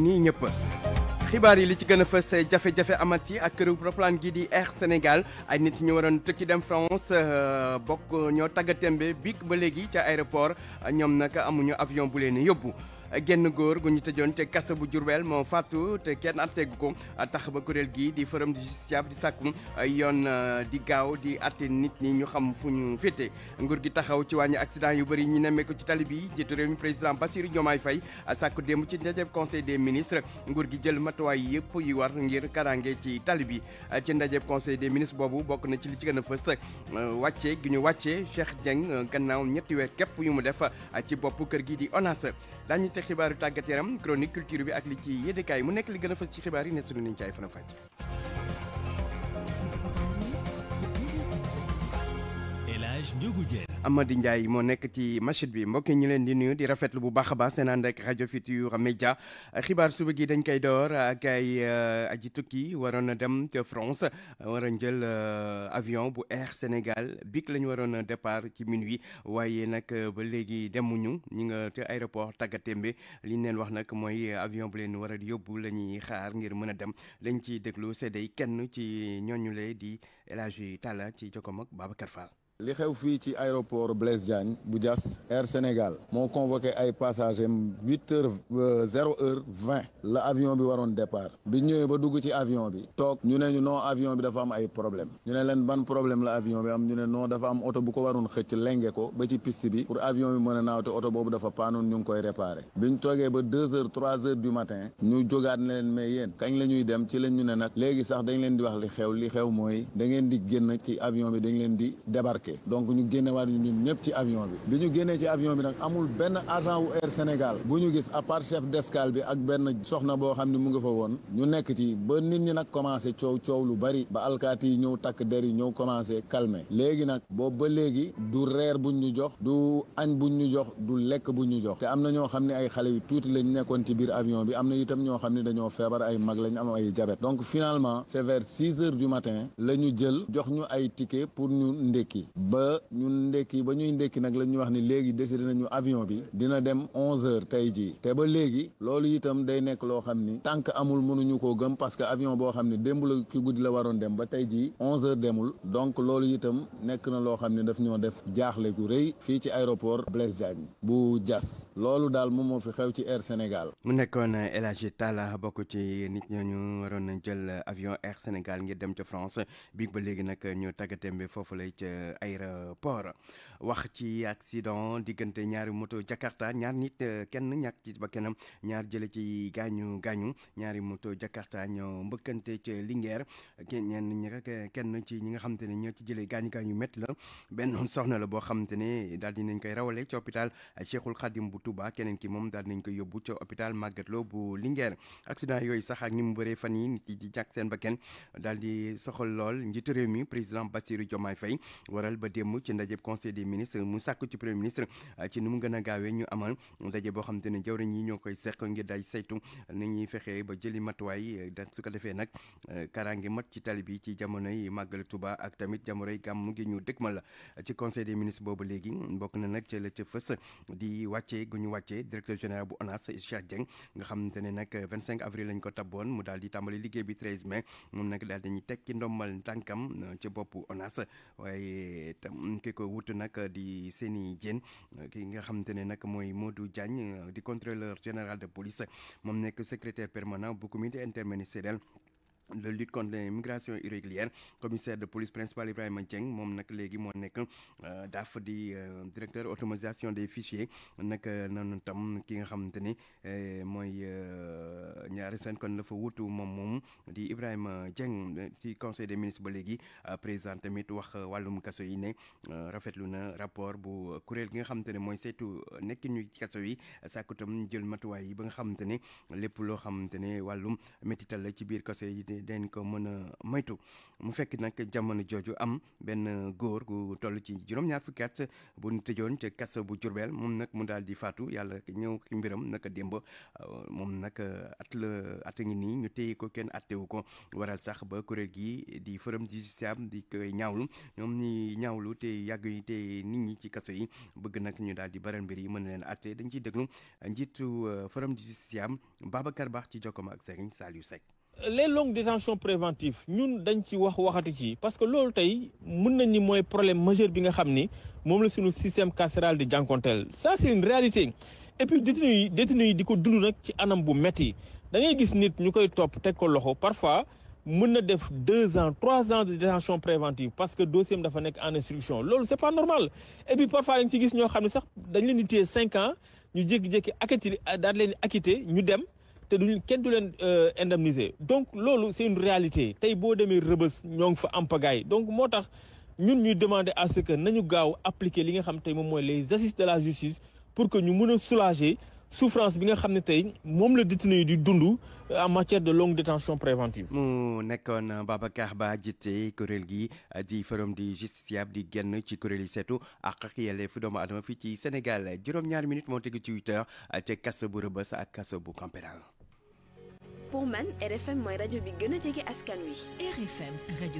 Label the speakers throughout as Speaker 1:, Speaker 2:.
Speaker 1: nii ñëpp xibaar yi li ci gën a fës jafe-jafe amat ci ak këru roplaan gi di Air Sénégal ay nit ñu waroon tukki dem France euh, bokk ñoo taggatémbe bi ba léegi ca aéroport ñoom nag amuñu avion bu leen yóbbu. genn góor gu ñu tëjoon te kasa bu Jurbel moo faatu te kenn at tegu ko tax ba kuréel gii di fërëm du justiciable di sàkku yoon euh, di gaaw di atte nit ñi ñu xam fu ñu féete nguur gi taxaw ci wàññi accident yu bëri ñu nemmee ko ci tali bi jiitu réew mi président Bassirou Diomaye Faye sàkku démb ci ndajeb conseil des ministres nguur gi jël matuwaay yëpp yi war ngir karange ci tali bi ci ndajeb conseil des ministres boobu bokk na ci li ci gën a fës euh, wàcce gi ñu wàcce Cheikh Dieng euh, gannaaw ñetti weer képp yu mu def ci bopp kër gi di ONAS xibaaru tàggat yaram chronique culture bi ak li ci yéenekaay mu nekk li gën a fës ci xibaar yi ne sunu niñ caay fana fàcc amadi Ndiaye moo nekk ci machine bi mbokk ñu leen di nuyu di rafetlu bu baax a baax seen ànd ak rajo Futurs Médias xibaar suba gi dañ koy door ak ay euh, aji tukki waroon a dem ca France war a jël euh, avion bu Air Sénégal bik lañu waroon a départ ci minuit waaye nag euh, ba léegi demuñu ñi nga te aéroport Tagatembe li ñu leen wax nag mooy avion bu leen war a yóbbu la ñuy xaar ngir mën a dem lañ ci déglu seddey kenn ci ñooñu lay di El Hadji Talla ci jokkoom ak Babacar Fall.
Speaker 2: li xew fii ci aéroport Blaise Diagne bu jas Air Sénégal moo convoqué ay passagers huit heures euh, zéro heure vingt la avion bi waroon départ bi ñëwee ba dugg ci avion bi toog ñu ne ñu noo avion bi dafa am ay problème ñu ne leen ban problème la avion bi am ñu ne non dafa am oto bu ko waroon xëcc lenge ko ba ci piste bi pour avion bi mën a naaw te oto boobu dafa paanoon ñu ngi koy réparé biñ toogee ba deux heures trois heures du matin ñu jógaat ne leen mais yéen kañ la ñuy dem ci lañ ñu ne léegi sax dañ leen di wax li xew li xew mooy da ngeen di génn ci avion bi dañ leen di débarquer donc ñu génnewaat ñu ñun ñëpp ci avion bi bi ñu génnee ci avion bi nag amul benn agent wu Air Sénégal bu ñu gis à part chef d'escale bi ak benn soxna boo xam ne mu nga fa woon ñu nekk ci ba nit ñi nag commencé coow coow lu bari ba alkaati yi ñëw takk der yi ñëw commencé calmer léegi nag boobu ba léegi du reer buñ ñu jox du añ buñ ñu jox du lekk bu ñu jox te am na ñoo xam ne ay xale yu tuuti lañ nekkoon ci biir avion bi am na itam ñoo xam ne dañoo feebar ay mag lañ am ay jabet donc finalement c'est vers six heures matin la ñu jël jox ñu ay ticket pour ñu ndékki ba ñun ndekki ba ñuy ndékki nag la ñuy wax ni léegi décidé nañu avion bi dina dem onze heures tey jii te ba léegi loolu itam day nekk loo xam ni tànk amul mënuñu koo gëm parce que avion boo xam ne démb la ki guddi la waroon dem ba tey jii onze demul donc loolu itam nekk na loo xam ne daf ñoo def jaaxle gu rëy fii ci aéroport Blaise bu jas loolu daal moom moo fi xew ci Air Sénégal.
Speaker 1: mu nekkoon El Hadji Talla bokk ci nit ñu ñooñu waroon jël avion Air Sénégal ngi dem ca France bi ba léegi nag ñu tàggatem bi foofu lay ca aéroport wax ci accident diggante ñaari moto Jakarta ñaar nit euh, kenn ñàkk ci ba kenn ñaar jële ci gaañu gaañu ñaari moto Jakarta ñoo mbëkkante ci Linguère ñenn ñi kenn ci ñi nga xamante ne ñoo ci jëlee gaañu gaañu métti la benn soxna la boo xamante ne daal dinañ koy rawale ci hôpital Cheikhul Khadim bu Touba keneen ki moom daal nañ koy yóbbu ci hôpital Magatte Lô bu Linguère accident yooyu sax ak ni mu bëree fan yi nit yi di ñàkk seen bakkan daal di soxal lool njiit réew mi président Bassirou Diomaye Faye waral ba démb ci ndajeb conseil des ministres mu sàkk ci premier ministre ah, ci nu mu gën a gaawee ñu amal ndaje boo xam te ne jawriñ yi ñoo koy seq ngir day saytu na fexe ba jëli matuwaay eh, da su ko defee nag eh, kaaraange mat ci tali bi ci jamonoy màggal Tuuba ak tamit jamonoy gàmm gi ñu dëgmal ci conseil des ministres boobu léegi bokk na nag ci la ca fës di wàccee gu ñu wàccee directeur général bu ONAS Cheikh Dieng nga xam ne nag avril lañ ko tabboon mu daal di tàmbali liggéey bi 13 mai moom nag tam ki ko wut nag di seeni Dieng ki nga xamante ne nag mooy moo du Diagne di contrôleur général de police moom nekk secrétaire permanent bu comité interministériel le lutte contre l'immigration irrégulière commissaire de police principal Ibrahima Dieng moom nag léegi moo nekk euh, daaf di euh, directeur automatisation des fichiers nag euh, nanu tam ki nga xamante ni mooy ñaari seen kon la fa wutu moom moom di Ibrahima Dieng ci conseil des ministres ba léegi président tamit wax wàllum kaso yi ne rafetlu na rapport bu kuréel gi nga xamante ne mooy saytu nekki ñu kaso yi sàkkutam jël matuwaay yi ba nga xamante ne lépp loo xamante ne wàllum métital la ci biir kaso yi dañ ko mën a moytu mu fekk nag jamono jooju am benn góor gu toll ci juróom-ñaar fukki at bu ñu tëjoon ca kaso bu Jurbel moom nag mu daal di faatu yàlla ñëw ci mbiram naka démb euh, moom nag euh, at la at ngi nii ñu tey ko kenn attewu ko waral sax ba kuréel gi di forum di justiciable di koy ñaawlu ñoom nii ñaawlu te yàgg yi te nit ñi ci kaso yi bëgg nag ñu daal di baral mbir yi mën a leen atte dañ ciy déglu njiitu euh, forum du justiciable Babacar Baax
Speaker 3: ci jokkoo ak Serigne Saliou Seck les longues détentions préventives ñun dañ ci wax waxati ci parce que loolu tey mën nañ ni mooy problème majeur bi nga xam ni moom la suñu système carcéral di jànkonteel ça c'est une réalité et puis yi détenu yi di ko dund nag ci anam bu metti da gis nit ñu koy topp teg ko loxo parfois mun na def deux ans trois ans de détention préventive parce que dossier dafa nekk en instruction loolu c'est pas normal et parfois dañ ci gis ñoo xam ne sax dañ leen di téye cinq ñu jékki-jékki acquitté daal leen acquitté ñu dem te duñu kenn du leen euh, indemniser donc loolu c'est une réalité tey boo demee rëbës ñoo ngi fa am donc moo tax ñun ñuy demande à ce que nañu gaaw appliquer li nga xam tey moom mooy les assises de la justice pour que ñu mën a soulager souffrance bi nga xam ne tey moom la détenu yi di dund euh, en matière de longue détention préventive mu nekkoon Babacar Ba jiite kuréel
Speaker 1: gi euh, di forum di justiciable di génn ci kuréel yi seetu ak ak yelleefu doomu adama fii ci Sénégal juróom-ñaari minutes moo tegu ci huit heures ca kaso bu Rebeuss ak kaso bu Camp
Speaker 4: pour RFM mooy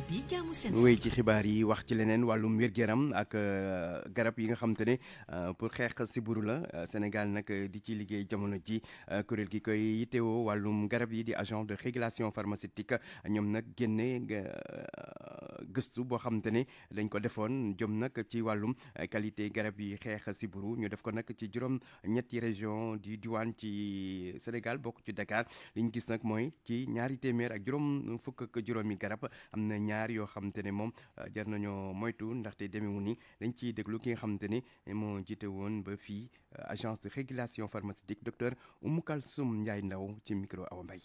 Speaker 4: bi jaamu seen. wéy ci
Speaker 1: xibaar yi wax ci leneen wàllum wér garam yaram ak euh, garab yi nga xam te ne euh, pour xeex si sibbiru la euh, Sénégal nag di ci liggéey jamono ji kuréel gi koy yitewoo wàllum garab yi di agence de régulation pharmaceutique ñoom nag génne gëstu boo xam te dañ ko defoon jëm nag ci wàllum qualité garab yi xeex sibbiru ñu def ko nag ci juróom ñetti région di diwaan ci Sénégal bokk ci Dakar liñ gis nag. mooy ci ñaari téeméer ak juróom fukk juróomi garab am na ñaar yoo xamante ne moom euh, jar nañoo moytu ndaxte demewu ni dañ ciy déglu ki nga xamante ni moo jiite woon ba fii euh, agence de régulation pharmaceutique docteur Oumou Kalsoum Ndiaye Ndaw ci micro
Speaker 3: aw mbay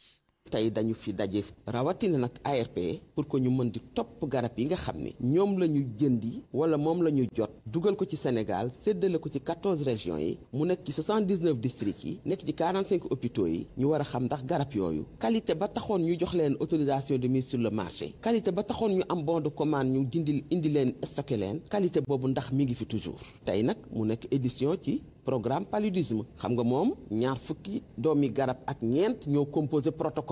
Speaker 3: tey dañu fi daje rawatina nag ARP pour que ñu mën di topp garab yi nga xam ni ñoom la ñu jëndi wala moom la ñu jot dugal ko ci Sénégal séddale ko ci 14 régions yi mu nekk ci 79 districts yi nekk ci 45 hôpitaux yi ñu war a xam ndax garab yooyu qualité ba taxoon ñu jox leen autorisation de mise sur le marché qualité ba taxoon ñu am bon de commande ñu dindil indi leen stocké leen qualité boobu ndax mi ngi fi toujours tey nag mu nekk édition ci programme paludisme xam nga moom ñaar fukki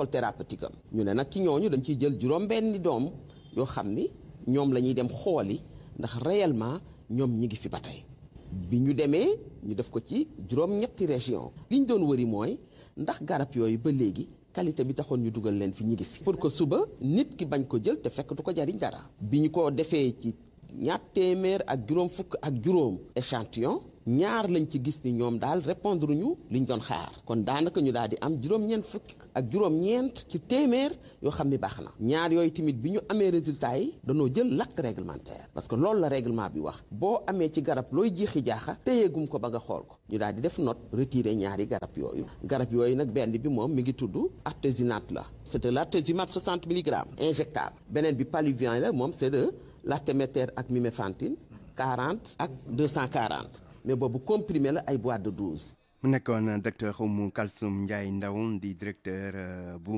Speaker 3: protocole ñu ne nag ci ñooñu dañu ciy jël juróom benni doom yoo xam ni ñoom la ñuy dem xooli ndax réellement ñoom ñi ngi fi ba tey bi ñu demee ñu def ko ci juróom-ñetti région li ñu doon wëri mooy ndax garab yooyu ba léegi qualité bi taxoon ñu dugal leen fi ñi ngi fi pour que suba nit ki bañ ko jël te fekk du ko jariñ dara bi ñu ko defee ci ñaar téeméer ak juróom fukk ak juróom échantillon ñaar lañ ci gis ni ñoom daal répondre ñu liñ doon xaar kon daanaka ñu daal di am juróom-ñeent fukk ak juróom-ñeent ci téeméer yoo xam ni baax na ñaar yooyu tamit bi ñu amee résultat yi danoo jël lakk réglementaire parce que loolu la règlement bi wax boo amee ci garab looy jiixi jaaxa téyeegum ko ba nga xool ko ñu daal di def not retirer ñaari garab yooyu garab yooyu nag benn bi moom mi ngi tudd artésunate la c'est de l'artésunate 60 mg injectable beneen bi paluvian la moom c'est de l'artéméter ak mimefantine 40 ak 240 mais boobu comprimé la ay boîte de douze. mu nekkoon euh, docteur Oumou Kalsoum Ndiaye Ndao di directeur
Speaker 1: euh, bu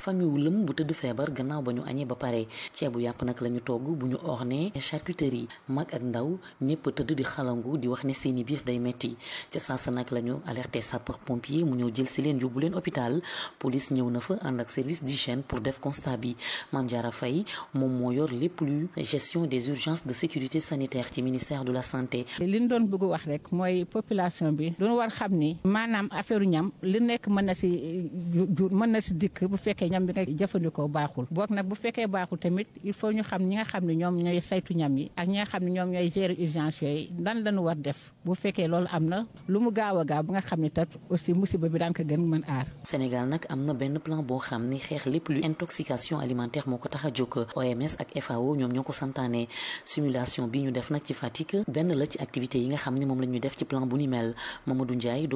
Speaker 5: famille wu lëm bu tëdd feebar gannaaw ba ñu añee ba pare ceebu yàpp nag lañu togg bu ñu ornee charcuterie mag ak ndaw ñëpp tëdd di xalangu di wax ne seeni biir day metti ca saasa nag lañu alerté sapeur pompier mu ñëw jël si leen yóbbu leen hôpital police ñëw na fa ànd ak service d'hygiène pour def constat bi Mame Diarra Faye moom moo yor lépp lu gestion des urgences de sécurité sanitaire ci ministère de
Speaker 4: la santé. li ñu doon bëgg wax rek mooy population bi. si jur mën na si dikk bu fekkee ñam bi ngay jëfandikoo baaxul boog nag bu fekkee baaxul tamit il faut ñu xam ñi nga xam ne ñoom ñooy saytu ñam yi ak ñi nga xam ne ñoom ñooy gérer urgence yooyu lan lañu war def bu fekkee loolu am na lu mu gaaw gaaw bu nga xam ne tat aussi musiba
Speaker 5: bi daan ko gën mën aar Sénégal nag am na benn plan boo xam ni xeex lépp lu intoxication alimentaire moo ko tax a jóg OMS ak FAO ñoom ñoo ko santaane simulation bi ñu def nag ci Fatick benn la ci activité yi nga xam ne moom la ñuy def ci plan bu ni m Mamadou Ndiaye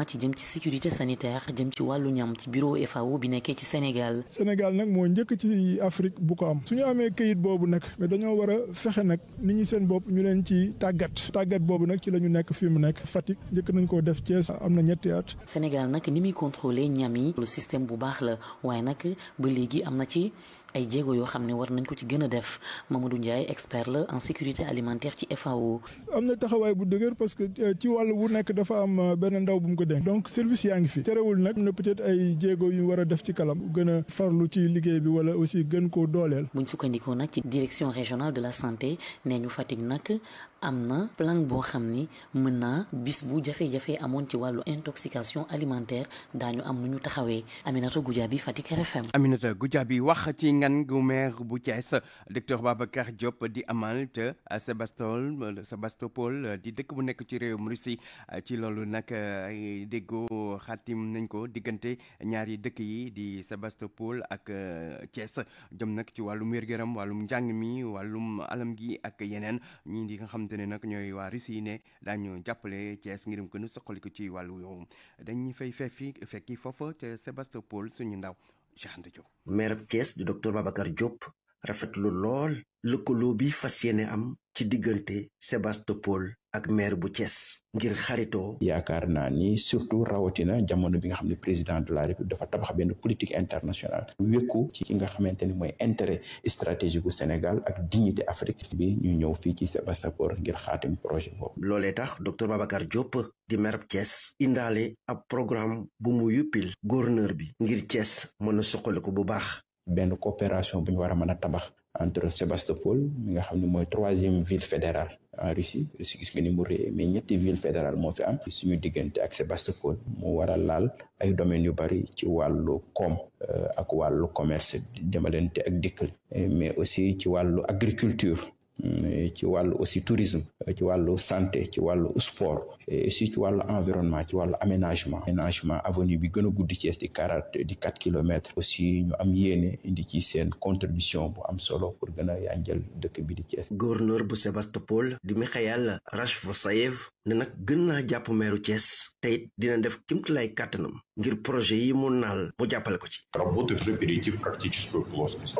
Speaker 5: notamment ci jëm ci sécurité sanitaire jëm ci wàllu ñam ci bureau FAO bi nekkee ci Sénégal.
Speaker 6: Sénégal nag moo njëkk ci Afrique bu ko am suñu amee këyit boobu nag mais dañoo war fexe nag nit ñi seen bopp ñu leen ci tàggat tàggat boobu nag ci la ñu nekk fi mu nekk Fatick njëkk nañ koo def Thiès am na ñetti at.
Speaker 5: Sénégal nag ni mi contrôler ñam yi lu système bu baax la waaye nag ba léegi am na ci. ay jéego yoo xam ne war nañ ko ci gën a def Mamadou Ndiaye expert la en sécurité alimentaire ci FAO.
Speaker 6: am na taxawaay bu dëgër parce que euh, ci wàll wu nekk dafa am euh, benn ndaw bu mu ko dénk. donc service yaa ngi fi. terewul nag am na peut-être ay jéego yu war a def ci kalam. gën farlu ci liggéey bi wala aussi gën koo dooleel.
Speaker 5: buñ sukkandikoo nag ci direction régionale de la santé nee ñu Fatick nag am na plan boo xam ni mën naa bis bu jafe-jafe amoon ci wàllu intoxication alimentaire daañu am nu ñu taxawee Aminata Goudiaby Fatick RFM.
Speaker 1: Aminata Goudiaby wax ci ngan gu maire bu Thiès docteur Babacar Diop di amal te Sébastopol Sébastopol di dëkk bu nekk ci réew réewum Russie ci loolu nag ay déggoo xaatim nañ ko diggante ñaari dëkk yi di Sébastopol ak euh, Thiès jëm nak ci wàllum wér gu wàllum njàng mi wàllum alam gi ak yeneen ñi di nga xam xamante ne nag ñooy waa si yi ne daañu jàppale Thiès ngirum gën a soqali ko ci wàllu yow dañuy fay feffi fekki foofa ca Sébastopol suñu ndaw Cheikh Anta
Speaker 7: Diop maire Thiès di docteur Babacar Diop rafetlu lool lëkkaloo bi fas yéene am ci diggante Sébastopol ak maire bu cees ngir xaritoo
Speaker 8: yaakaar naa ni surtout rawatina jamono bi nga xam ne président de la république dafa tabax benn politique internationale wékku ci ki nga xamante ni mooy intérêt stratégique bu Sénégal ak dignité Afrique bi ñu ñëw fii
Speaker 7: ci Sébastopol ngir xaatim
Speaker 8: projet boobu
Speaker 7: loolee tax docteur Babacar Diop di maire bu Thiès indaale a programme bu mu yuppil gouverneur bi ngir Thiès mën a suqali ko bu baax
Speaker 8: benn coopération bu ñu war a mën a tabax entre Sébastopol mi nga xam ne mooy troisième ville fédérale en Russie Russie gis nga ni mu mais ñetti ville fédérale moo fi am suñu diggante ak Sébastopol mu war a laal ay domaines yu bari ci wàllu koom euh, ak wàllu commerce demalante ak dikkal mais aussi ci wàllu agriculture Euh, ci wàllu aussi tourisme euh, ci wàllu santé ci wàllu sport et aussi ci wàllu environnement ci wàllu aménagement aménagement avenue bi gën a gudd Thiès di quarante di quatre kilomètres aussi ñu am yéene indi ci seen contribution bu am solo pour gën a yanjal dëkk bi di Thiès gouverneur
Speaker 7: bu Sébastopol di Mikhaïl Rachevsayev ne nag gën naa jàpp meeru Thiès te it dina def kéemtalaay kàttanam ngir projet yi mu naal mu jàppale ko ci.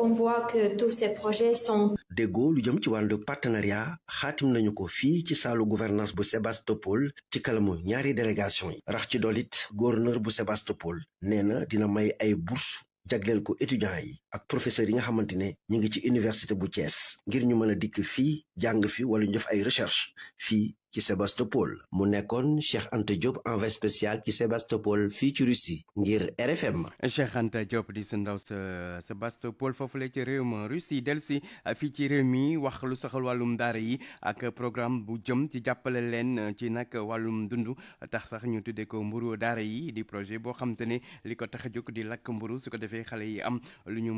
Speaker 4: On voit que tous ces projets sont
Speaker 7: déggoo lu jëm ci wàllu partenariat xaatim nañu ko fii ci saalu gouvernance bu Sébastopol ci kalamu ñaari délégation yi rax ci dolit gouverneur bu Sébastopol nee na dina may ay bourse jagleel ko étudiants yi ak professeur yi nga xamante ne ñu ngi ci université bu cees ngir ñu mën a dikk fii jàng fi wala ñu def ay recherche fii ci Sébastopol mu nekkoon Cheikh ante Diop envoyé spécial ci Sébastopol fii ci Russie ngir RFM.
Speaker 1: Cheikh Anta Diop di sa ndaw sa Sébastopol foofule ci réew ma Russie dellu si fii ci réew mi wax lu soxal wàllum daara yi ak programme bu jëm ci jàppale leen ci nag wàllum dund tax sax ñu tuddee ko mburu daara yi di projet boo xam te li ko tax a jóg di lakk mburu su ko defee xale yi am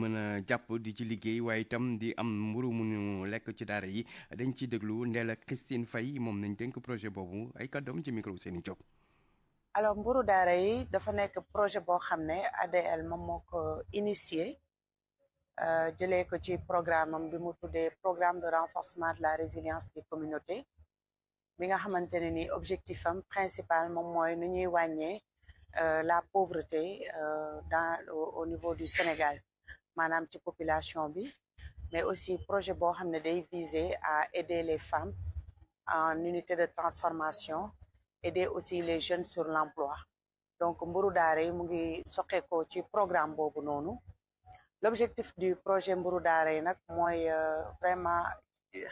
Speaker 1: mën a jàpp di ci liggéey waaye itam di am mburu mu ñu lekk ci daara yi dañ ciy déglu Ndella Christine Faye moom nañ dénk projet boobu ay kàddoom ci micro seeni job
Speaker 9: alors mburu daara yi dafa nekk projet boo xam ne ADL moom moo ko initié euh, jëlee ko ci programme am bi mu tuddee programme de renforcement de la résilience des communautés mi nga xamante ne ni objectif am principal moom mooy nu ñuy wàññee euh, la pauvreté euh, dans au niveau du Sénégal maanaam ci population bi mais aussi projet boo xam ne day viser à aider les femmes en unité de transformation aider aussi les jeunes sur l'emploi donc Mbourou Daaray mu ngi soqeekoo ci programme boobu noonu l'objectif du projet Mbourou yi nag mooy euh, vraiment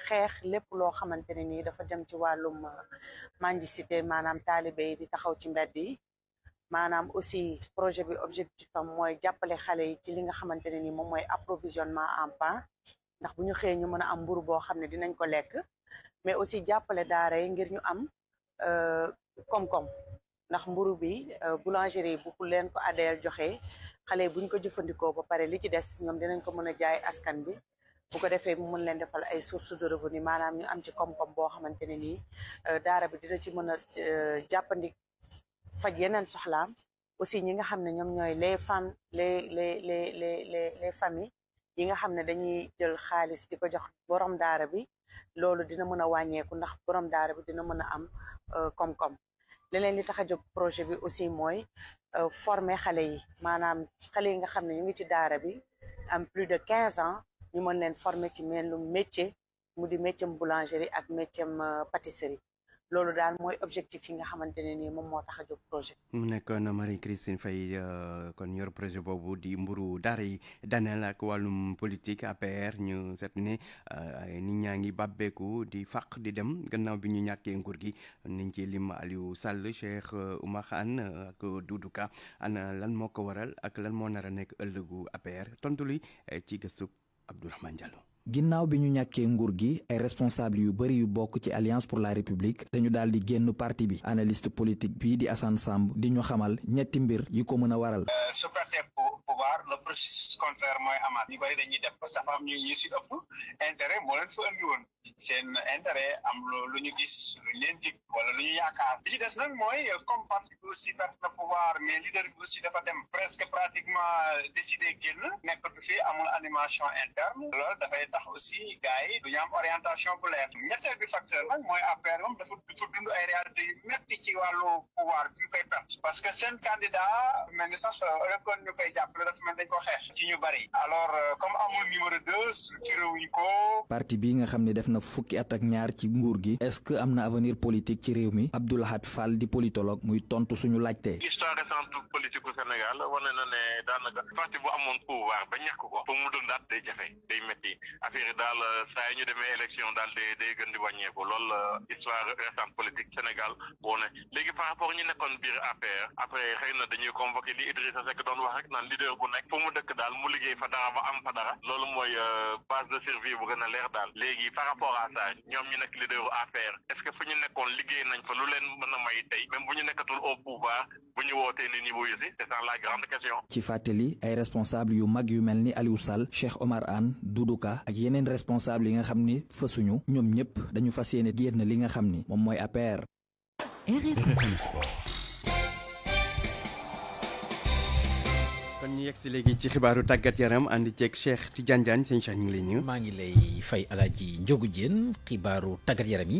Speaker 9: xeex lépp loo xamante ne nii dafa jëm ci wàllum euh, mendicité maanaam taalibe yi di taxaw ci mbedd yi maanaam aussi projet bi objectif am mooy jàppale xale yi ci li nga xamante ne ni moom mooy approvisionnement en pain ndax bu ñu xëyee ñu mën a am mburu boo xam ne dinañ ko lekk mais aussi jàppale daara yi ngir ñu am euh, koom-koom ndax mburu bi euh, boulangerie bu ku leen ko ADL joxe xale yi buñ ko jëfandikoo ba pare li ci des ñoom dinañ ko mën a jaay askan bi bu ko defee mu mën leen defal ay source de revenu maanaam ñu am ci koom-koom boo xamante ne nii euh, daara bi dina ci mën a jàppandi faj yeneen soxlaam aussi ñi nga xam ne ñoom ñooy les femmes les les les les les les familles yi nga xam ne dañuy jël xaalis di jox borom daara bi loolu dina mën a wàññeeku ndax borom daara bi dina mën a am euh, koom-koom leneen li tax a jóg projet bi aussi mooy euh, former xale yi maanaam xale yi nga xam ne ñu ngi ci daara bi am plus de quinze ans ñu mën leen former ci mel lu mu di métier boulangerie ak métier euh, pâtisserie loolu daal mooy objectif yi nga xamante ne nii moom moo tax a jóg projet
Speaker 1: mu nekkoon Marie Christine Faye euh, kon yor projet boobu di mburu daara yi Daniel ak wàllum politique APR ñu seet ne euh, nit ñaa ngi bàbbeeku di fàq di dem gannaaw bi ñu ñàkkee nguur gi niñ ci lim Aliou Sall Cheikh Oumar Anne euh, ak Doudou Ka lan moo ko waral ak lan moo nar a nekk ëllëgu APR tontu li ci gëstu Abdourahmane Diallo
Speaker 7: ginnaaw bi ñu ñàkkee nguur gi ay responsable yu bari yu bokk ci alliance pour la république dañu daal di génn parti bi analyste politique bi di Assane Samb di ñu xamal ñetti mbir yi ko mën a waral. Euh, su fekkee pouvoir le processus
Speaker 8: contraire mooy amaat ñu bari dañuy def dafa am ñu ñu si ëpp intérêt moo leen fa andi am lu gis lu leen dig wala lu ñu yaakaar ci des nag mooy comme parti bi aussi perte na dem presque pratiquement décidé génn nekk du fi amul animation interne loolu dafay tax tax aussi gars du ñu am orientation bu leer ñetteel bi facteur mooy affaire moom dafa dafa dund ay réalité yu métti ci wàllu pouvoir bi ñu koy perte parce que seen candidat mel ni sax rekkoon euh, ñu koy jàppale dafa
Speaker 7: ko xeex ci ñu bëri alors euh, comme amul numéro deux ci nga xam ne def na fukki at ak ñaar ci nguur gi est-ce que am na avenir politique ci réew mi Abdou Lahad Fall di politologue muy tontu suñu laajte histoire récente politique u Sénégal wane na ne daanaka parti bu amoon pouvoir ba ñàkk
Speaker 10: ko pour mu dundaat day jafe day métti affaire daal euh, saa yi ñu demee élection daal day day gën di wàññeeku lool histoire récente politique Sénégal boo ne léegi par rapport ñu nekkoon biir APR après xëy na dañuy convoqué li Idrissa Seck doon wax rek naan leader bu nekk fu mu dëkk daal mu liggéey fa dara ba am fa dara loolu mooy euh, base de survie bu gën a leer daal léegi par rapport à ça ñoom ñu nekk leaderu APR est-ce que fu ñu nekkoon liggéey nañ fa lu leen mën a may tey
Speaker 7: même bu ñu nekkatul au pouvoir bu ñu wootee ni niveau yi si c'est ça la grande question. ci fàttali ay responsable yu mag yu mel ak yeneen responsable yi nga xam ni fësuñu ñoom ñëpp dañu fas yéene na li nga xam ni moom mooy APR.
Speaker 1: kon ñu yegg si léegi
Speaker 7: ci xibaaru tàggat
Speaker 11: yaram àndi ceeg Cheikh ci Diagne sëñ Cheikh ñu ngi lay nuyu. maa ngi lay fay alaaji Njogu Jeen xibaaru tàggat yaram yi.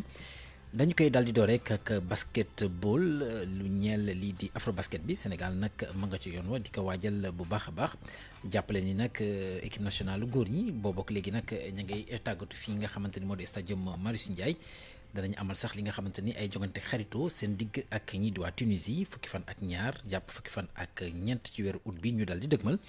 Speaker 11: dañu koy daal di door rek ak basketball lu ñeel lii di afro basket bi Sénégal nag ma nga ci yoon wa di ko waajal bu baax a baax jàppale ni nag euh, équipe nationale góor ñi boobook léegi nag ña ngay tàggatu fii nga xamante ni moo di stadium Marius Ndiaye danañ amal sax li nga xamante ni ay jongante xaritoo seen digg ak ñii di waa fukki fan ak ñaar jàpp fukki fan ak ñeent ci weeru août bi ñu daal di dëgmal.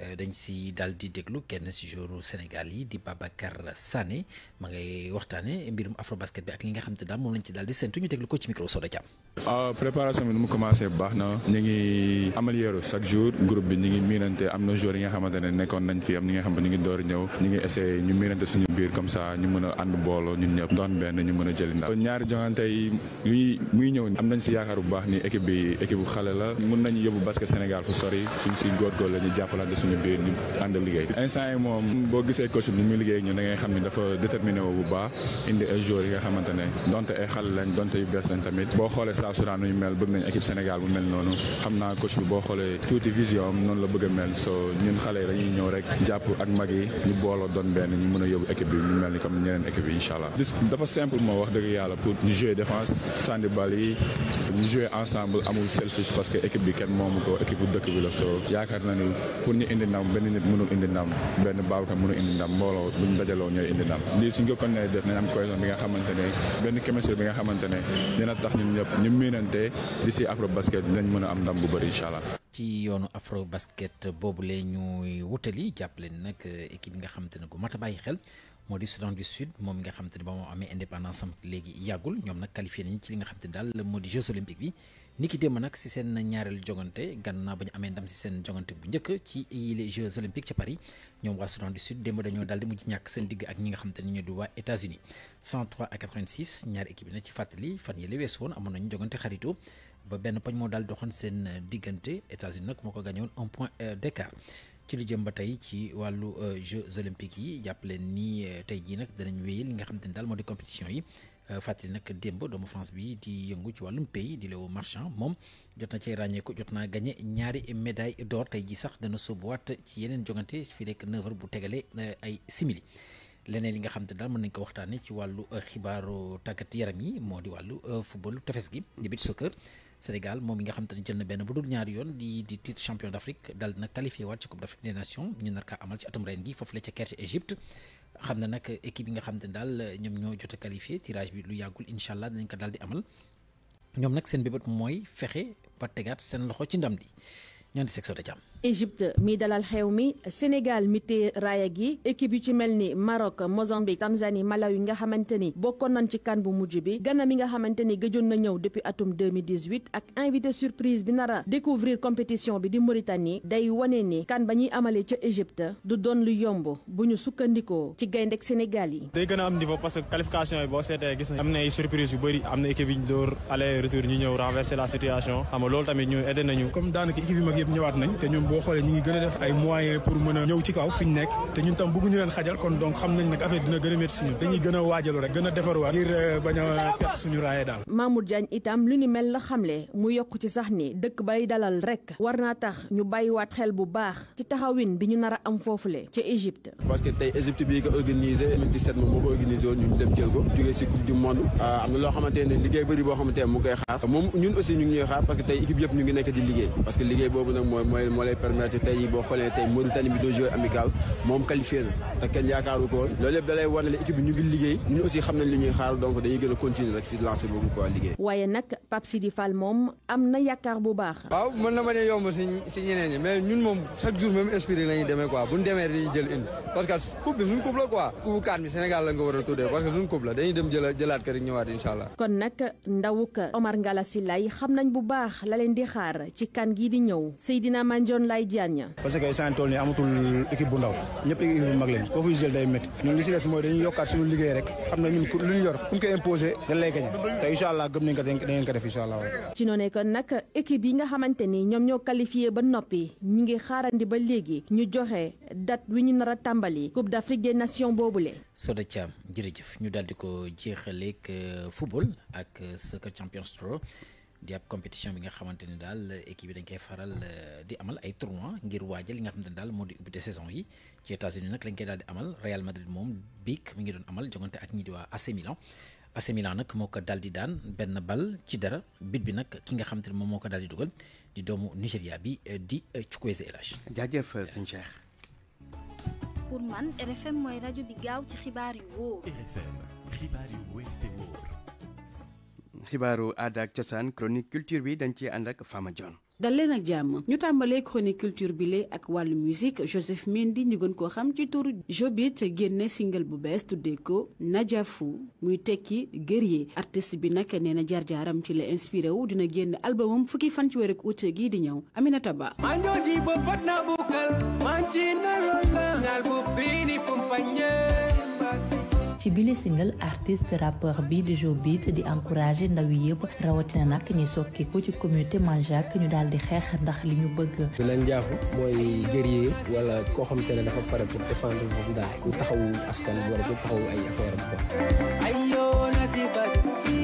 Speaker 11: Euh, dañ si daal di déglu kenn si joueur Sénégal yi di Babacar Sané ma ngay waxtaane mbirum Afrobasket bi ak li nga xam te daal moom lañ ci daal di séntu ñu déglu ko ci micro Soda Thiam
Speaker 6: ah, préparation bi nu mu commencé baax na ñu ngi améliorer chaque jour groupe bi ñu ngi miinante am na joueurs yi nga xamante ne nekkoon nañ fi am ne ñu ngi door ñëw ñu ngi essayé ñu miinante suñu biir comme ça ñu mën a ànd booloo ñun ñëpp doon benn ñu mën a jëli ndax ñaari joŋante bu baax ni équipe bi équipe bu suñu biir ñu ànd liggéey instant yi moom boo gisee coach bi ni muy liggéey ñu da ngay xam ne dafa déterminé wu bu baax indi ay joueurs yi nga xamante donte ay xale lañ donte yu bees lañ tamit boo xoolee saa su ñu mel bëgg nañ équipe Sénégal bu mel noonu xam naa coach bi boo xoolee tuuti vision noonu la bëgg a mel so ñun xale yi dañuy ñëw rek jàpp ak mag yi ñu booloo doon benn ñu mën a yóbbu équipe bi ñu mel ni comme ñeneen équipe yi incha allah indi ndam benn nit mënul indi ndam benn Babacar mënul indi ndam mbooloo buñ dajaloo ñooy indi ndam lii suñ ko kon def nañ am cohésion bi nga xamante ne benn chemistry bi nga xamante ne dina tax ñun ñëpp ñu miinante di si afro basket dinañ mën a am ndam bu bëri incha allah.
Speaker 11: ci wutali jàppale nag équipe nga xamante gu mat a bàyyi xel. moo di Soudan du Sud moom nga xam ba moo amee indépendance am léegi yàggul ñoom nag qualifié ci li nga xam te ne daal moo di Jeux olympiques ni ki démb nag si seen ñaareelu jogante gannaaw ba ñu amee ndam si seen jogante bu njëkk ci les Jeux olympiques ca Paris ñoom waa Soudan du Sud démb dañoo daal di mujj ñàkk seen digg ak ñi nga xam te ni ñoo di waa États-Unis 103 à 86 ñaari équipe yi nag ci fàttali fan yële weesu woon amoon nañu jogante xarito ba benn poñ moo daal doxoon seen diggante États-Unis nag moo ko gagné woon un point euh, d'écart ci lu jëm ba tey ci wàllu euh, Jeux olympiques yi jàpp leen ni euh, tey jii nag danañ wéyal li nga xam te ni daal moo di compétition Euh, fàttali nag démb doomu France bi di yëngu ci wàllum pays di Léo Marchand moom jot na cee ràññeeku jot na gagné ñaari médaille d'or tey ji sax dana sóobuwaat ci yeneen jongante fii rek 9h bu tegale euh, ay simili. leneen li nga xam te daal mën nañ ko waxtaanee ci wàllu euh, xibaaru tàggat yaram yi moo di wàllu football tefes gi di beach soccer Sénégal moom mi nga xam te ne jël na benn bu dul ñaari yoon di di titre champion d'Afrique dal na qualifié waat ci Coupe d'Afrique des Nations ñu nar kaa amal ci atum ren gi foofu la ca Caire Égypte xam na nag équipe yi nga xam ne daal ñoom ñoo jot a qualifié tirage bi lu yàggul incha allah dinañ ko daal di amal ñoom nag seen bébét mooy fexe ba tegaat seen loxo ci ndam di ñoo di sexo de jàmm
Speaker 4: Égypte mi dalal xew mi Sénégal mi tee raaya gi équipe yu ci mel ni Maroc Mozambique Tanzanie Malawi nga xamante ni bokkoon nañ ci kan bu mujj bi Ghana mi nga xamante ni gëjoon na ñëw depuis atum 2018 ak invité surprise bi nar a découvrir compétition bi di Mauritanie day wane ni kan ba ñuy amalee ca Égypte du doon lu yomb bu ñu sukkandikoo ci gayndeg Sénégal yi.
Speaker 6: day gën a am niveau parce que qualification yi boo seetee gis nañ am surprise yu bëri am na équipe yëpp ñëwaat nañ te ñoom boo xoolee ñi ngi gën a def ay
Speaker 12: moyens pour mën a ñëw ci kaw fi nekk te ñun tam bëgguñu leen xajal kon donc xam nañ nag affaire dina gën
Speaker 4: euh, mu yokk ci sax ni dëkk bay dalal rek war naa tax ñu waat xel bu baax ci taxawin bi ñu nar a am foofule ci Égypte
Speaker 8: parce tey Égypte bii ko organisé 2017 moom moo ko organisé dem jël ko jógee si coupe du monde euh, am na loo xamante ne liggéey bëri boo xamante ne mu koy xaar moom ñun aussi ñu boobu nag mooy mooy moo lay permettre tey jii boo xoolee tey Mauritanie bi doo joueur amical moom qualifié na te kenn yaakaaru ko loolu yëpp da lay wane ne équipe bi ñu ngi liggéey ñun aussi xam nañ li ñuy xaar donc dañuy gën a continuer si lancer boobu quoi
Speaker 4: am na yaakaar bu baax
Speaker 8: waaw mën na ma ne yomb si ñeneen ñi mais ñun moom chaque jour même esprit la ñuy demee quoi
Speaker 3: bu ñu demee dañuy jël une parce que coupe bi suñ coupe la quoi coupe kat mi Sénégal la nga war a tuddee
Speaker 4: Seydina Mandione Laye Diagne
Speaker 6: parce que sant tool ni amatul équipe bu ndaw ñëpp équipe bu mag leen koo fuy jël day métti ñun li si des mooy dañuy yokkaat suñu liggéey rek xam na ñun lu
Speaker 2: ñu yor ku ko imposé nañ ko da ngeen ko def incha allah
Speaker 4: ci nag équipe yi nga xamante ni ñoom ñoo qualifié ba noppi ñu ngi xaarandi ba léegi ñu joxe date wi ñu nar a tàmbali Coupe d'Afrique des Nations boobule
Speaker 11: Soda Thiam jërëjëf ñu daal di ko jeexaleeg euh, football ak euh, soccer Champions di ab compétition bi nga xamante ni daal équipe yi dañ koy faral euh, di amal ay tournoi ngir waajal li nga xamante daal moo di ubbite saison yi ci États-Unis nag lañ koy daal di amal Real Madrid moom biig mi ngi doon amal jongante ak ñi di waa AC Milan AC Milan nag moo ko daal di daan benn bal ci dara bit bi nag ki nga xamante ni moom moo ko daal di dugal di doomu Nigéria bi euh, di euh, Chukwueze El Hadji. jaajëf sëñ Cheikh.
Speaker 13: pour man RFM mooy rajo bi gaaw ci xibaar yu
Speaker 11: wóor.
Speaker 1: xibaaru aada ak cosaan chronique culture bi dañ ci ànd ak Fama John
Speaker 4: dal jàmm ñu tàmbalee chronique culture bi le ak wàllu musique Joseph Mendy ñu gën koo xam ci turu Jobit génne single bu bees tuddee ko Najafu muy tekki guerrier artiste bi nag nee na jaar-jaaram ci la inspiré wu dina génn albumam fukki fan ci weeru août gi di ñëw Aminata Ba manjodi
Speaker 12: bo fotna bukal manci na lool ngal bu bini pumpanye
Speaker 4: ci bile single artiste
Speaker 13: rappeur bi di Jobeat di encouragé ndaw yi yëpp rawatina nag ni sokki ci communauté Manjaak ñu daal di xeex ndax li ñu bëgg.
Speaker 12: ñu leen jaafu mooy guerrier wala koo xam ne dafa pare pour défendre moom daal ku taxawu askan bi wala ku taxawu ay affaire am quoi.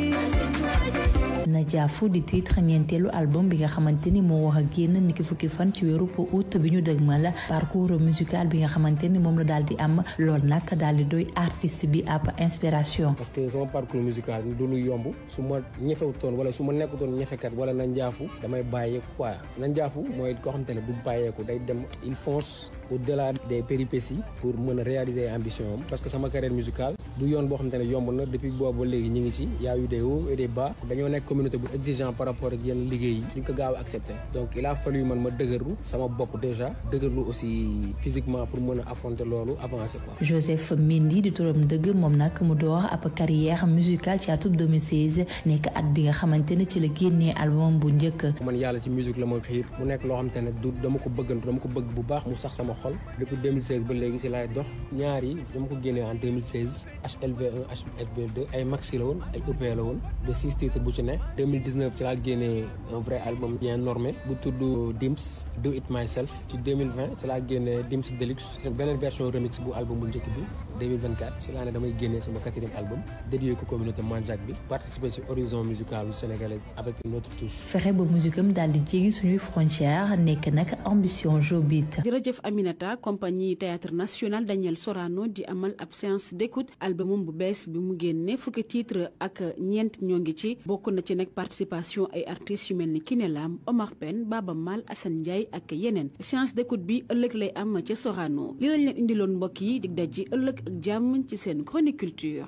Speaker 13: Nadia Fou di titre ñeenteelu album bi nga xamante ni moo wax a génn niki fukki fan ci weeru août bi ñu dëgmal parcours musical bi nga xamante ni moom la daal di am loolu nag daal di doy artiste bi ab inspiration. parce
Speaker 12: que sama parcours musical du lu yomb su ma ñefewutoon wala su ma nekkutoon ñefekat wala Nadia Fou damay bàyyeeku quoi Nadia Fou mooy koo xamante ne bu bàyyeeku day dem il fonce au delà des péripéties pour mën a réaliser ambition parce que sama carrière musicale du yoon boo xamante ne yomb na depuis boobu ba léegi ñu ngi ci y a eu des hauts et des bas dañoo nekk communauté bu exigeant par rapport ak yenn liggéey yi duñ ko gaaw a accepté donc il a fallu man ma dëgërlu sama bopp déjà aussi physiquement pour mën a loolu avancer quoi.
Speaker 13: Joseph Mendy di dëgg moom nag mu door ab carrière musicale ci at bi nga xamante ne ci la génnee album bu njëkk.
Speaker 12: man yàlla ci musique la ma xiir mu nekk loo xamante ne du dama ko bëgg bëggantu dama ko bëgg bu baax mu sax sama xol depuis 2016 ba léegi ci laay dox ñaar yi dama ko génnee hlv ay maxi la woon ay EP la woon de six titres bu ci ne ci laa génnee un vrai album bien normé bu tudd Dims Do It Myself ci laa génnee Dims Deluxe beneen version remix bu album bu njëkk bi ci laa ne damay génnee sama quatrième album dédié ko communauté Manjaak bi participer ci horizon musical sénégalaise avec une autre touche.
Speaker 13: fexe ba musique am di jéggi suñuy frontière nekk nag ambition Jobit.
Speaker 12: jërëjëf Aminata compagnie
Speaker 4: théâtre national Daniel albumam bu bees bi mu génne fukki tiitre ak ñeent ñoo ngi ci bokk na ci nag participation ay artistes yu mel ni Kiné Lam Omar Pène Baba Maal Assane Ndiaye ak yeneen séance d'écoute bi ëllëg lay am ca Sorano li lañ leen indiloon mbokk yi dig daj ji ëllëg ak jàmm ci seen chronique culture.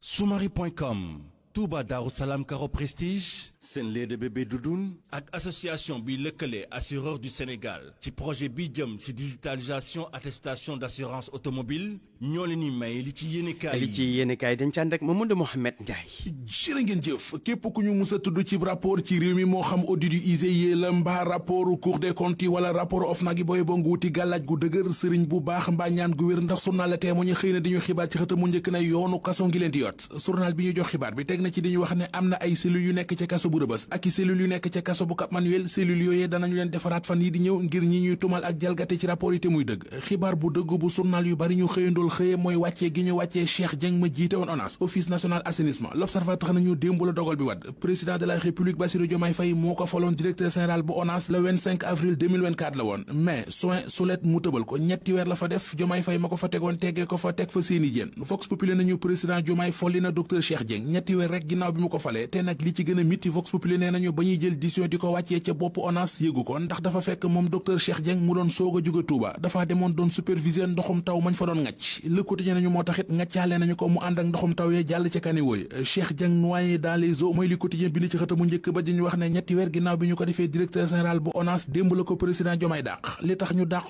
Speaker 10: Soumari.com Touba Darou Salam Caro Prestige seen lait de bébé Doudoune ak association bi lëkkale assureur du Sénégal ci projet bi jëm ci digitalisation attestation d'assurance automobile ñoo leen ni may li ci yéenekaay li ci
Speaker 1: yéenekaay dañ ci ànd ak Mamadou Mohamed Ndiaye
Speaker 10: jërë ngeen jëf képp ku ñu mus a tudd ci rapport ci réew mi moo xam audit du IGE la mbaa rapport Cour des comptes yi wala rapport OFNAC yi booy ba nga wuti gàllaaj gu dëgër sëriñ bu baax mbaa ñaan gu wér ndax journal la mu bi ñu jox xibaar bi teg na kaso bu rëbës ak i cellule yu nekk ca kaso bu Cap Manuel cellule yooyee danañu leen defaraat fan yi di ñëw ngir ñi ñuy tumal ak jalgate ci rapport yi te muy dëgg xibaar bu dëgg bu journal yu bari ñu xëyandool xëye mooy wàccee gi ñu wàccee Cheikh Dieng ma jiite woon ONAS office national assainissement l'observateur nañu démb la dogal bi wadd président de la république Bassirou Diomaye Faye moo ko faloon directeur général bu ONAS le avril la woon mais soin sulet mu Vox Populi nee nañu ba ñuy jël décision di ko wàccee ca bopp ONAS yëgu ko ndax dafa fekk moom docteur Cheikh Dieng mu doon soog a jóge dafa demoon doon superviser ndoxum taw mañ fa doon ngàcc Le Quotidien nañu moo taxit ngàccaale nañu ko mu ànd ak ndoxum taw yee jàll ca kaniwooy Cheikh Dieng noyé dans les eaux mooy Le Quotidien bi ni njëkk ba dañu wax ne ñetti weer ginnaaw bi ñu ko defee directeur général bu ONAS démb la ko président Diomaye dàq li tax ñu dàq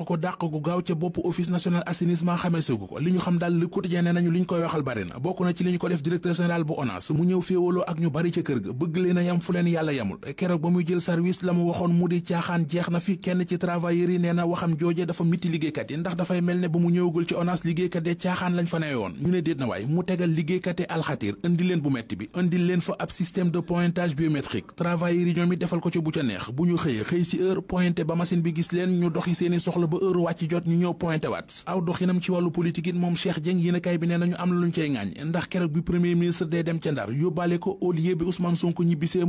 Speaker 10: am fu leen yàlla yamul keroog ba muy jël service la mu waxoon mu di caaxaan jeex na fi kenn ci travailleurs yi nee na waxam jooje dafa miti liggéeykat yi ndax dafay mel ne ba mu ñëwagul ci ONAS liggéeykat yi caaxaan lañ fa newoon ñu ne déet na waay mu tegal liggéeykat yi alxatir indi bu metti bi indi leen fa ab système de pointage biométrique travailleurs yi ñoom it defal ko ci bu ca neex bu ñu xëyee xëy si heure pointé ba machine bi gis leen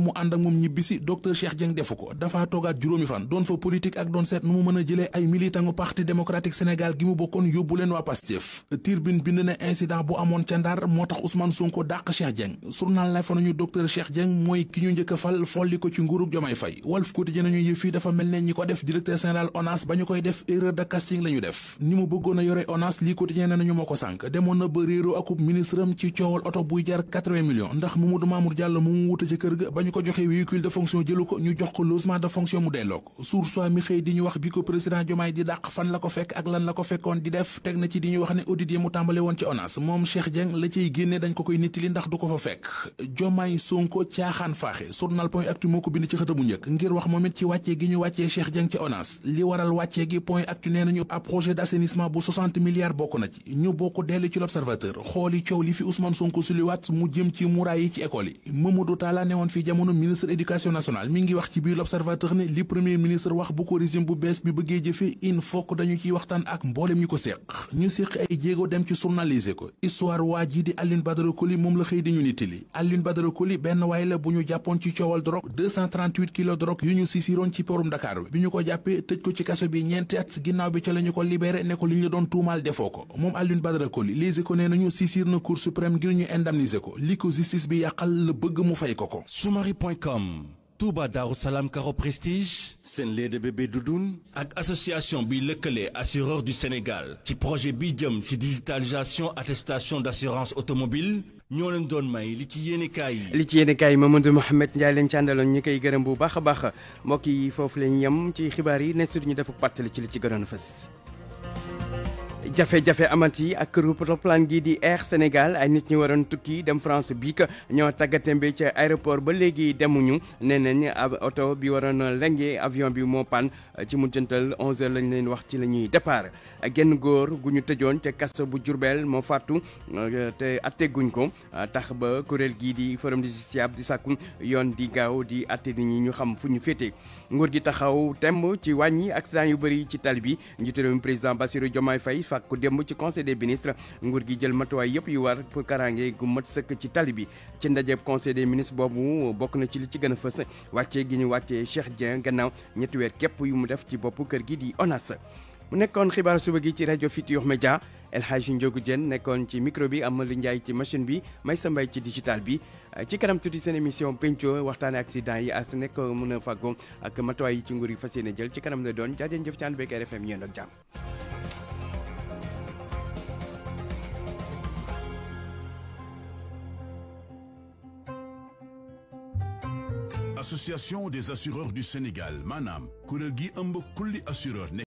Speaker 10: dem mu ànd moom ñibbisi docteur Cheikh Dieng defu ko dafa toogaat juróomi fan doon fa politique ak doon seet nu mu mën a jëlee ay militantu parti démocratique Sénégal gi mu bokkoon yóbbu waa Pastef Tribune bind na incident bu amoon ca Ndar moo tax Ousmane Sonko dàq Cheikh Dieng journal la fa nañu docteur Cheikh Dieng mooy ki ñu njëkk fal folli ko ci nguurug Jomaay Fay Walf Quotidien nañu yëf dafa mel ne ñi ko def directeur général ONAS ba ñu koy def erreur a ñu ko joxee véhicule de fonction jëlu ko ñu jox ko logement de fonction mu delloo ko suur mi xëy di ñu wax bi ko président Diomaye di dàq fan la ko fekk ak lan la ko fekkoon di def teg na ci di ñu wax ne audit mu tàmbale woon ci ONAS moom Cheikh Dieng la ciy génne dañ ko koy nittali ndax du ko fa fekk Diomaye Sonko caaxaan faaxe journal point actu moo ko bind ci xëta bu njëkk ngir wax moom ci wàccee gi ñu wàccee Cheikh Dieng ci ONAS li waral wàccee jamono ministre éducation nationale mi ngi wax ci biir l'observateur ne li premier ministre wax bu ko régime bu bees bi bëggee jëfe in fokk dañu ciy waxtaan ak mboolem ñu ko séq ñu séq ay jéego dem ci journaliser ko histoire waa ji di Alioune Badara Coly moom la xëy di ñu nittali Alioune Badara Coly benn waay bu ñu jàppoon ci coowal drogue 238 kilos drogue ñu sisiroon ci porum Dakar bi ñu ko jàppee tëj ko ci kaso bi ñeenti ginnaaw bi ca la ko libéré paris.com Touba Darou Salam Caro Prestige seen lait de du Doudoune ak association bi lëkkalee assureur du Sénégal ci projet bi jëm ci digitalisation attestation d'assurance automobile ñoo leen doon may li ci yéenekaay yi
Speaker 1: li ci yéenekaay yi Mamadou Mouhamed Ndiaye leen ci àndaloon ñi koy gërëm bu baax a baax mbokk yi foofu lañ yem ci xibaar yi ne suñu defuk pàttali ci li ci gënoon fës jafe-jafe amati ak këru roplaan gi di Air Sénégal ay nit ñi waroon tukki dem France bii ñoo tàggatémbe ca aéroport ba léegi demuñu nee nañ oto bi waroon lenge avion bi moo pan ci mujjantal 11h lañ leen wax ci la ñuy départ genn góor gu ñu tëjoon ca kaso bu Jurbel moo fàttu te atteguñ ko tax ba kuréel gii di forum du justiciable di sàkku yoon di gaaw di atte nit ñi ñu xam fu ñu féete. nguur gi taxaw temb ci wàññi accident yu bëri ci tali bi njiitu président Bassirou Diomaye fay fàkku démb ci conseil des ministres nguur gi jël matuwaay yëpp yu war pour karange gu mat sëkk ci tali bi ci ndajeb conseil des ministres boobu bokk na ci li ci gën a fës wàcce gi ñu wàccee Cheikh Dieng gannaaw ñetti weer képp yu mu def ci bopp kër gi di ONAS mu nekkoon xibaar suba gi ci rajo Futurs Médias El Hadji Ndiogou Diène nekkoon ci micro bi Amadou Ndiaye ci machine bi Maysa Mbaye ci digital bi ci kanam tuuti seen émission penco waxtaane accident yi as nekk mën a fàggoo ak matuwaay yi ci nguur yi fa yéene jël ci kanam la doon jaajeen jëf ci ànd beeg RFM ñeen ak jàmm
Speaker 10: association des assureurs maanaam kuréel gi ëmb